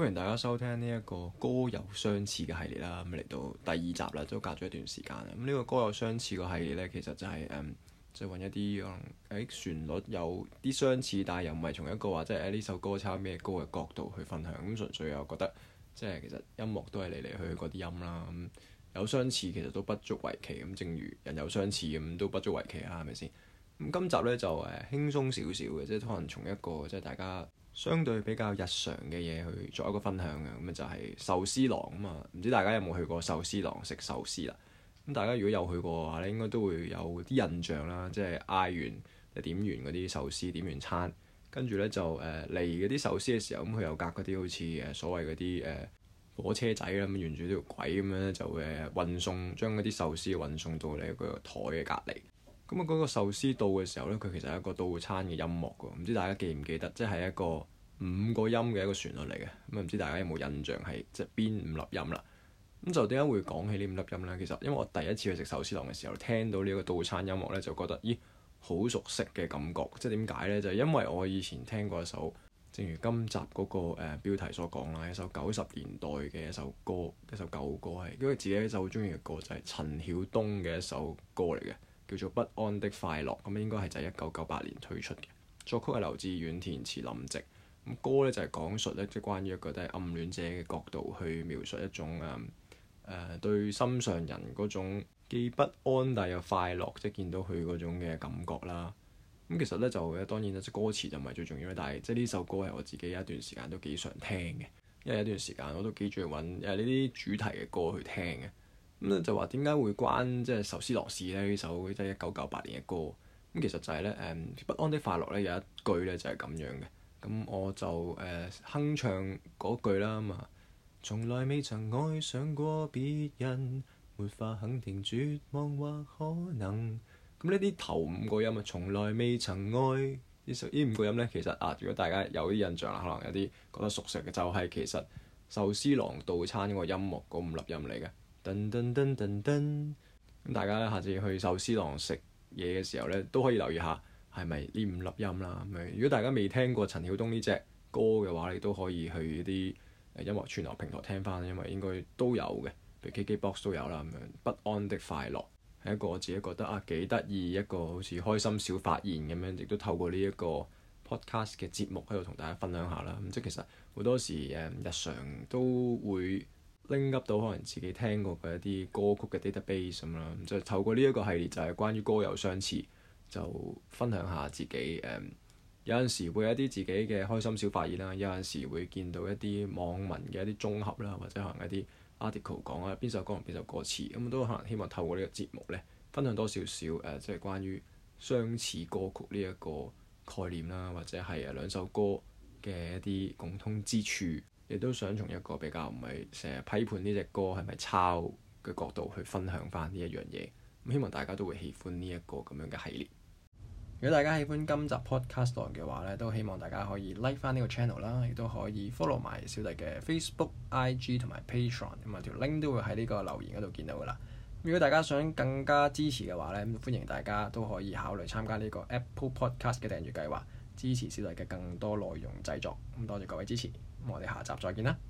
歡迎大家收聽呢一個歌有相似嘅系列啦，咁嚟到第二集啦，都隔咗一段時間啦。咁、這、呢個歌有相似嘅系列呢，其實就係、是、誒，即係揾一啲可能誒旋律有啲相似，但係又唔係從一個話即係呢首歌抄咩歌嘅角度去分享。咁、嗯、純粹又覺得即係其實音樂都係嚟嚟去去嗰啲音啦，咁、嗯、有相似其實都不足為奇。咁正如人有相似咁，都不足為奇啦，係咪先？咁、嗯、今集呢，就誒輕鬆少少嘅，即係可能從一個即係大家，相對比較日常嘅嘢去做一個分享嘅，咁就係壽司郎啊嘛，唔知大家有冇去過壽司郎食壽司啦？咁大家如果有去過嘅話呢，應該都會有啲印象啦，即係嗌完、點完嗰啲壽司，點完餐，跟住呢就誒嚟嗰啲壽司嘅時候，咁佢又隔嗰啲好似誒所謂嗰啲誒火車仔咁，沿住條軌咁樣就誒運送，將嗰啲壽司運送到你個台嘅隔離。咁啊！嗰個壽司到嘅時候呢，佢其實係一個到餐嘅音樂喎。唔知大家記唔記得，即係一個五個音嘅一個旋律嚟嘅。咁啊，唔知大家有冇印象係即係邊五粒音啦？咁就點解會講起呢五粒音呢？其實因為我第一次去食壽司郎嘅時候，聽到呢個到餐音樂呢，就覺得咦好熟悉嘅感覺。即係點解呢？就係、因為我以前聽過一首正如今集嗰、那個誒、呃、標題所講啦，一首九十年代嘅一首歌，一首舊歌係因為自己一首好中意嘅歌，就係陳曉東嘅一首歌嚟嘅。叫做不安的快樂，咁應該係就係一九九八年推出嘅。作曲係劉志遠，填詞林夕。咁歌咧就係講述咧，即係關於一個都係暗戀者嘅角度去描述一種誒誒、呃、對心上人嗰種既不安但又快樂，即係見到佢嗰種嘅感覺啦。咁其實咧就當然咧，即歌詞就唔係最重要啦。但係即係呢首歌係我自己有一段時間都幾常聽嘅，因為有一段時間我都幾中意揾呢啲主題嘅歌去聽嘅。咁咧、嗯、就話點解會關即係、就是、壽司郎士咧？呢首即係一九九八年嘅歌。咁、嗯、其實就係咧誒不安的快樂咧有一句咧就係咁樣嘅。咁我就誒、嗯、哼唱嗰句啦嘛、嗯。從來未曾愛上過別人，沒法肯定絕望或可能。咁呢啲頭五個音啊，從來未曾愛。呢首呢五個音咧，其實啊，如果大家有啲印象，可能有啲覺得熟悉嘅，就係、是、其實壽司郎道餐嗰個音樂嗰五粒音嚟嘅。噔噔噔噔噔咁大家咧下次去壽司郎食嘢嘅時候咧，都可以留意下係咪呢五粒音啦。咁樣如果大家未聽過陳曉東呢隻歌嘅話你都可以去啲音樂串流平台聽翻，因為應該都有嘅，譬如 KKBOX 都有啦。咁樣不,不安的快樂係一個我自己覺得啊幾得意一個好似開心小發現咁樣，亦都透過呢一個 podcast 嘅節目喺度同大家分享下啦。咁即係其實好多時誒、嗯、日常都會。拎噏到可能自己聽過嘅一啲歌曲嘅 database 咁啦，就透過呢一個系列就係、是、關於歌有相似，就分享下自己誒、um, 有陣時會有一啲自己嘅開心小發現啦，有陣時會見到一啲網民嘅一啲綜合啦，或者可能一啲 article 講啊邊首歌同邊首歌詞，咁都可能希望透過呢個節目咧，分享多少少誒即係關於相似歌曲呢一個概念啦，或者係兩首歌嘅一啲共通之處。亦都想從一個比較唔係成日批判呢隻歌係咪抄嘅角度去分享翻呢一樣嘢。咁希望大家都會喜歡呢一個咁樣嘅系列。如果大家喜歡今集 podcast 嘅話呢，都希望大家可以 like 翻呢個 channel 啦，亦都可以 follow 埋小弟嘅 Facebook、IG 同埋 Patreon。咁啊條 link 都會喺呢個留言嗰度見到噶啦。如果大家想更加支持嘅話呢，歡迎大家都可以考慮參加呢個 Apple Podcast 嘅訂閱計劃，支持小弟嘅更多內容製作。咁多謝各位支持。我哋下集再見啦～